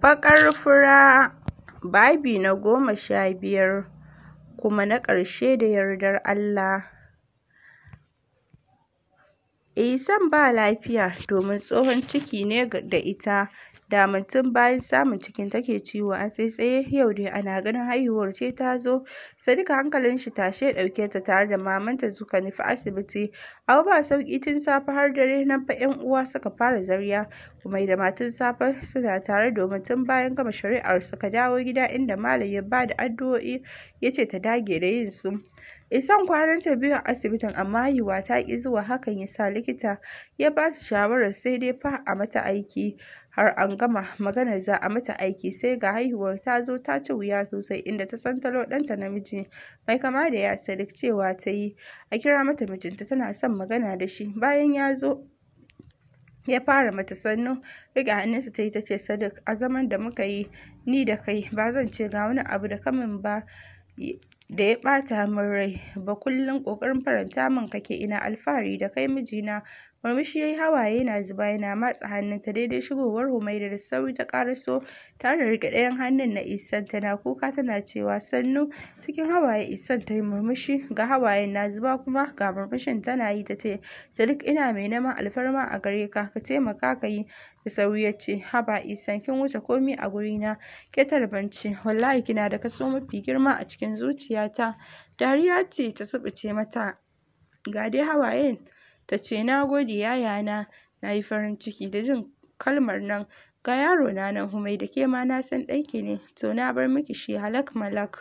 Baƙar fura babi na goma sha biyar kuma na ƙarshe da yardar Allah. isan eh, ba lafiya domin tsohon ciki ne da ita. da mutum bayan samun cikin take ciwo a tsaitsaye yau dai ana ganin haihuwar ce ta zo sadika hankalin shi tashe ɗauke ta tare da mamanta suka nufi asibiti abu ba sauki tun safe har dare nan fa yan uwa suka fara zarya kuma da matun safe suna tare domin tun bayan gama shari'ar suka dawo gida inda malam ya bada addu'o'i yace ta dage da yin su isan ta biyu a asibitin amma haihuwa ta ki zuwa hakan ya sa likita ya ba su shawarar sai dai fa a mata aiki har an gama maganar za a mata aiki sai ga haihuwar ta zo ta ci wuya sosai inda ta san talo ɗanta namiji mai kama da ya sadik cewa ta yi a kira mata mijinta tana son magana da shi bayan ya zo ya fara mata sannu riƙe hannunsa ta yi ta ce sadik a zaman da muka yi ni da kai ba zan ce ga wani abu da kamin ba da ya ɓata min rai ba kullum ƙoƙarin faranta min kake ina alfahari da kai mijina Murmushi ya yi hawaye na zuba yana matsa hannunta daidai shigowar Humaira da sauri ta ƙaraso tare da rike ɗayan hannun na isan tana kuka tana cewa sannu cikin hawaye isan ta yi murmushi ga hawaye na zuba kuma ga murmushin tana yi ta ce Sadiq ina mai neman alfarma a gare ka ka taimaka ka yi da sauri ya ce haba isan kin wuce komi a na ke tarbanci wallahi kina da kaso mafi girma a cikin zuciyata dariya ce ta subuce mata ga dai hawayen ta ce na gode yayana na yi farin ciki da jin kalmar nan ga yaro na nan humai da ke ma na san ɗanki ne to na bar miki shi halak malak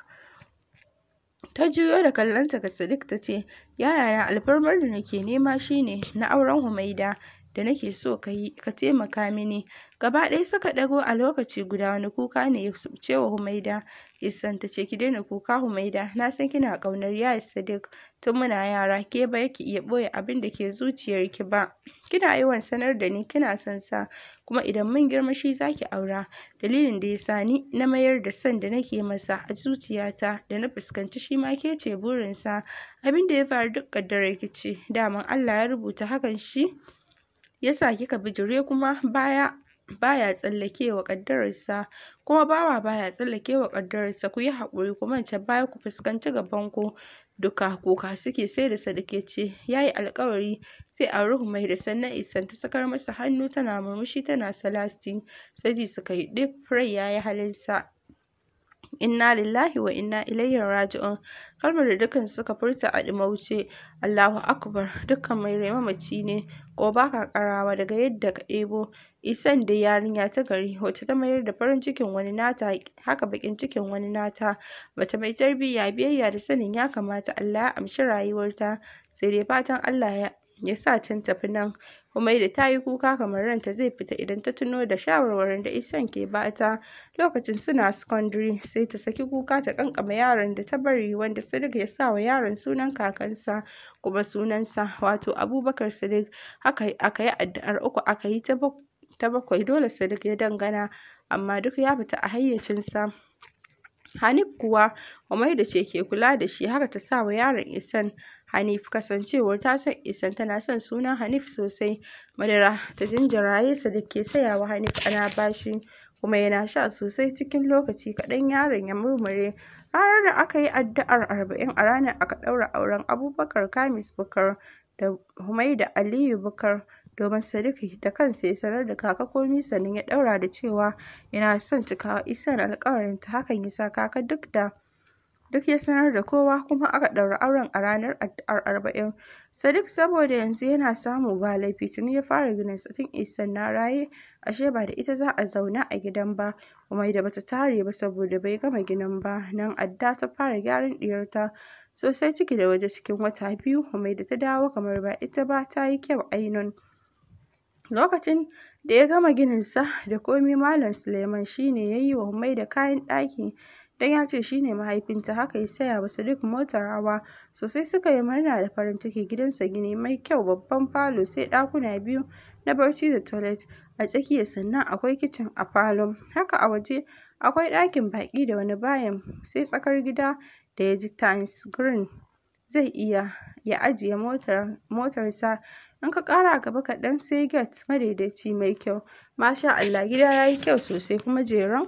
ta juyo da kallonta ga Sadiq ta ce yayana alfarmar da nake nema shine na auren Humaida da nake so ka yi ka taimaka mini gaba ɗaya suka ɗago a lokaci guda wani kuka ne ya ce wa Humaida isanta ce ki daina kuka Humaida na san kina ƙaunar Yaya Sadiq tun muna yara ke ba ki iya ɓoye abin da ke zuciyar ki ba kina yawan sanar da ni kina son sa kuma idan mun girma shi zaki aura dalilin da ya sa ni na mayar da san da nake masa a zuciyata da na fuskanci shi ma ke ce burinsa abin da ya faru duk ƙaddarar ki ce daman Allah ya rubuta hakan shi yasa kika bijire kuma baya baya tsallakewa ƙaddararsa kuma bawa baya tsallakewa ƙaddararsa ku yi haƙuri ku mance baya ku fuskanci gaban ku duka kuka suke sai da sadake ce ya yi alkawari sai a ruhu mai da sannan isan ta sakar masa hannu tana murmushi tana salasti sai ji suka yi duk ya yi halinsa inna lillahi wa inna ilaihi raji'un kalmar da dukkan suka furta a dimauce Allahu akbar dukan mai rema mace ne ko baka karawa daga yadda ka ɗebo isan da yarinya ta gari Wata ta mayar da farin cikin wani nata haka bakin cikin wani nata bata mai tarbiyya biyayya da sanin ya kamata Allah ya amshi rayuwarta sai dai fatan Allah ya ya sa can tafi nan da ta yi kuka kamar ranta zai fita idan ta tuno da shawarwarin da isan ke bata lokacin suna secondary sai ta saki kuka ta kankama yaron da ta bari wanda Sadiq ya sa wa yaron sunan kakansa kuma sunansa wato Abubakar Sadiq aka yi addu'ar uku aka yi ta bakwai dole Sadiq ya dangana amma duk ya fita a hayyacinsa. Hanif kuwa Umaida ce ke kula da shi haka ta sa wa yaron isan. Hanif kasancewar ta san isan tana son sunan Hanif sosai. Madara da jinjiraye da ke sayawa wa Hanif ana bashi kuma yana sha sosai cikin lokaci kaɗan yaron ya murmure. Ranar da aka yi addu'ar arba'in a ranar aka ɗaura auren Abubakar Kamis Bukar da Humaida Aliyu Bukar domin sadiki da kansa ya sanar da kaka komi sannan ya ɗaura da cewa yana son cikawa isar alƙawarinta hakan ya sa kaka duk da duk ya sanar da kowa kuma aka ɗaura auren a ranar arba'in sadiq saboda yanzu yana samu ba laifi tuni ya fara ginin sa tun isan na raye ashe ba da ita za a zauna a gidan ba kuma da bata tare ba saboda bai gama ginin ba nan adda ta fara gyaran ɗiyarta sosai ciki da waje cikin wata biyu kuma da ta dawo kamar ba ita ba ta yi kyau ainun lokacin da ya gama ginin sa da komi malam suleiman shine ya yi wa mai da kayan ɗaki don ya ce shi ne mahaifinta haka ya saya masa duk motar hawa sosai suka yi murna da farin ciki gidansa gini mai kyau babban falo sai ɗakuna biyu na barci da toilet a tsakiya sannan akwai kicin a falon haka a waje akwai ɗakin baƙi da wani bayan sai tsakar gida da ya ji tiles green zai iya ya ajiye motar motarsa in ka ƙara gaba kaɗan sai gate madaidaici mai kyau masha Allah gida ya yi kyau sosai kuma jeron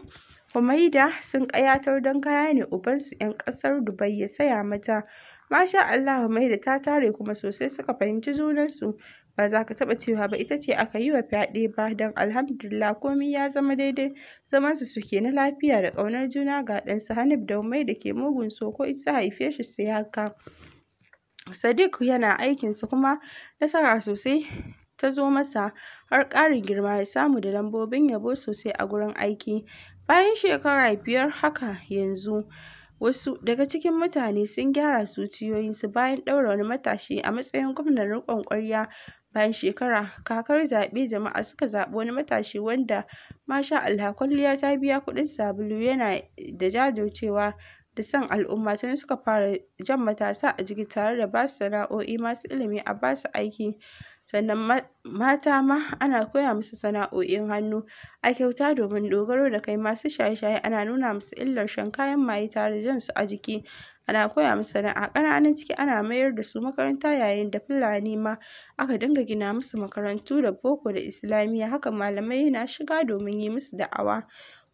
humaida sun ƙayatar don kaya ne ubansu 'yan ƙasar Dubai ya saya mata. Masha Allah humaida ta tare kuma sosai suka fahimci junansu. Ba za ka taɓa cewa ba ita ce aka yi wa fyaɗe ba don alhamdulillah komai ya zama daidai zamansu suke na lafiya da ƙaunar juna ga ɗansu Hanif da da ke mugun so ko ita haife shi sai haka. Sadiq yana aikinsa kuma nasara sosai ta zo masa har ƙarin girma ya samu da lambobin yabo sosai a gurin aiki Bayan shekara biyar haka yanzu, wasu daga cikin mutane sun gyara su bayan ɗaura wani matashi a matsayin gwamnan riƙon ƙwarya bayan shekara kakar zaɓe jama'a suka zaɓi wani matashi wanda masha Allah kwalliya ta biya kuɗin sabulu yana da jajircewa da san al'umma tun suka fara jan matasa a jiki tare da basu sana'o'i masu ilimi a basu aiki sannan mata ma ana koya musu sana'o'in hannu a kyauta domin dogaro da kai masu shaye-shaye ana nuna musu illar shan kayan maye tare da jan su a jiki ana koya musu sana'a Ƙananan ciki ana mayar da su makaranta yayin da Fulani ma aka dinga gina musu makarantu da boko da islamiyya haka malamai na shiga domin yi musu da'awa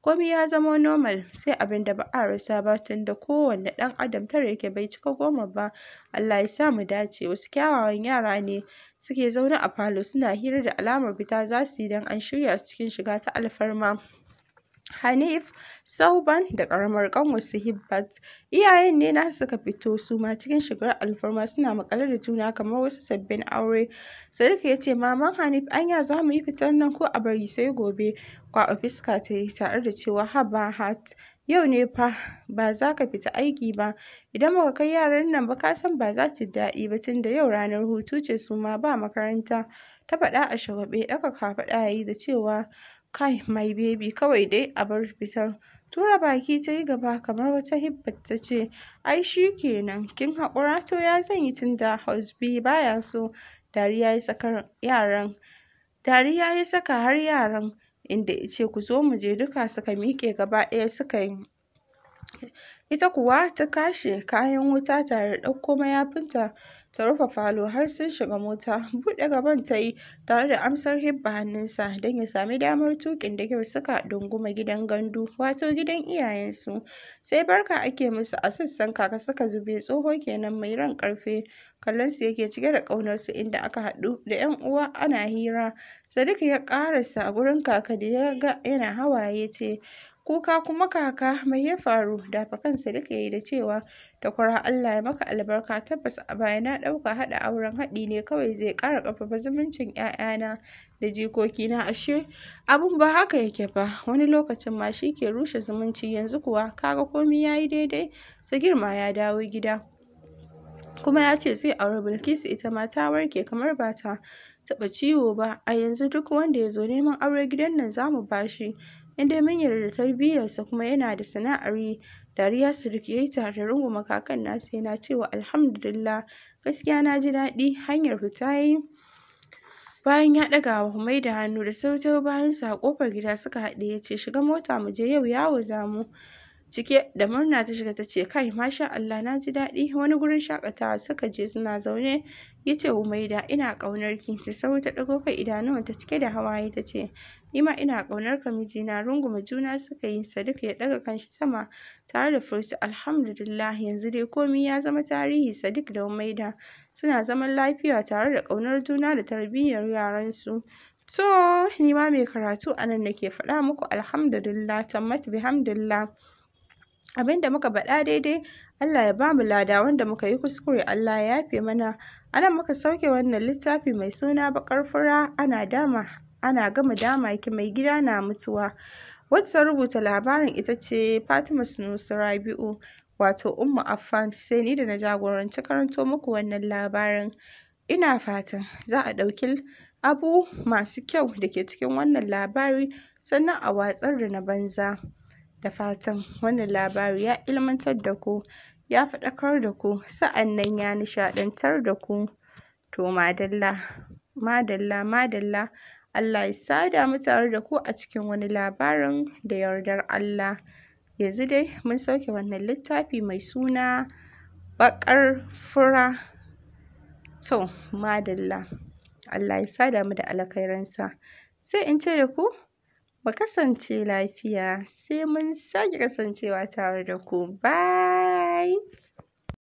Komai ya zamo normal sai abin da ba a rasa ba tunda kowane ɗan adam tare yake bai cika goma ba. Allah ya sa mu dace. Wasu kyawawan yara ne suke zaune a falo suna hira da alamar fita za su yi don an shirya su cikin shiga ta alfarma. Hanif, Sauban da ƙaramar ƙanwarsu Hibbat, iyayen ne nasu suka fito su ma cikin shigar alfarma suna maƙale da juna kamar wasu sabbin aure. Sadiq ya ce, Maman Hanif, anya za mu yi fitar nan ko a bari sai gobe? Kwaɓa fuska ta yi tare da cewa haba hat. Yau ne fa ba za ka fita aiki ba, idan muka kai yaran nan ba ka san ba za su daɗi ba tun da yau ranar hutu ce su ma ba makaranta. Ta faɗa a shagwaɓe, ɗaga kafaɗa ya yi da cewa Kai, my baby, kawai dai a bar fitar. Tura baki ta yi gaba kamar wata hibbar ta Ai shi kenan, kin haƙura to ya zan yi tun da Hosbi baya so. Dariya ya saka yaran. Dariya ya saka har yaran inda ya ce ku zo mu je duka suka miƙe gaba ɗaya suka yi. Ita kuwa ta kashe kayan wuta tare da ɗauko mayafinta ta rufe falo har sun shiga mota buɗe gaban ta yi tare da amsar hibba hannunsa don ya sami damar tuƙin da kyau suka dunguma gidan gandu wato gidan iyayensu sai barka ake musu a sassan kaka suka zube tsoho kenan mai ran ƙarfe kallon su yake cike da ƙaunarsu inda aka haɗu da 'yan uwa ana hira sadiq ya ƙarasa a gurin kaka da ya ga yana hawaye ce Kuka kuma kaka, mai ya faru? da kan Sadiq ya yi da cewa, takwara Allah ya maka albarka, tabbas a baya na ɗauka haɗa auren haɗi ne kawai zai ƙara ƙarfafa zumuncin 'ya'yana da jikokina, ashe abun ba haka yake ba, wani lokacin ma shi ke rushe zumunci, yanzu kuwa kaga komi komai ya yi daidai, ta girma ya dawo gida. kuma ya ce zai auri Bilkisu ita ma ta warke kamar ba ta taɓa ciwo ba, a yanzu duk wanda ya zo neman aure gidan nan za mu ba shi. in dai mun yarda da tarbiyyarsa kuma yana da sana'ar yi dariya su yayi tare da rungume kakan nasa yana cewa alhamdulillah gaskiya na ji daɗi hanyar fita yi bayan ya ɗaga wa da hannu da sauri bayan sa a ƙofar gida suka haɗe ya ce shiga mota mu je yau yawo za mu Cike da murna ta shiga ta ce, Kai, masha Allah, na ji daɗi. Wani gurin shakatawa suka je suna zaune. Ya ce, Umaida, ina ƙaunar ki. Da sauri ta ɗago kai ta cike da hawaye ta ce, Ni ina ƙaunar ka mijina. Runguma juna suka yi. Sadiq ya ɗaga kanshi sama tare da furci, Alhamdulillah, yanzu dai komi ya zama tarihi. Sadiq da Umaida suna zaman lafiya tare da ƙaunar juna da tarbiyyar yaransu. To, nima mai karatu anan nake faɗa muku alhamdulillah, tammat bihamdillah. abin da muka faɗa daidai Allah ya bamu lada wanda muka yi kuskure Allah ya yafe mana anan muka sauke wannan littafi mai suna baƙar fura ana dama ana gama dama ki mai gida na mutuwa wacce rubuta labarin ita ce Fatima Sunusi Rabi'u wato Ummu Affan sai ni da na jagoranci karanto muku wannan labarin ina fatan za a ɗauki abu masu kyau da ke cikin wannan labari sannan a watsar da na banza Da fatan wannan labari ya ilmantar da ku, ya faɗakar da ku, sa'annan ya nishaɗantar da ku. To madalla, madalla, madalla. Allah ya sada mu tare da ku a cikin wani labarin da yardar Allah. Yanzu dai mun sauke wannan littafi mai suna Baƙar Fura. To madalla, Allah ya sada mu da alkhairansa. Sai in ce da ku. Mu kasance lafiya sai mun sake kasancewa tare da ku. Bye.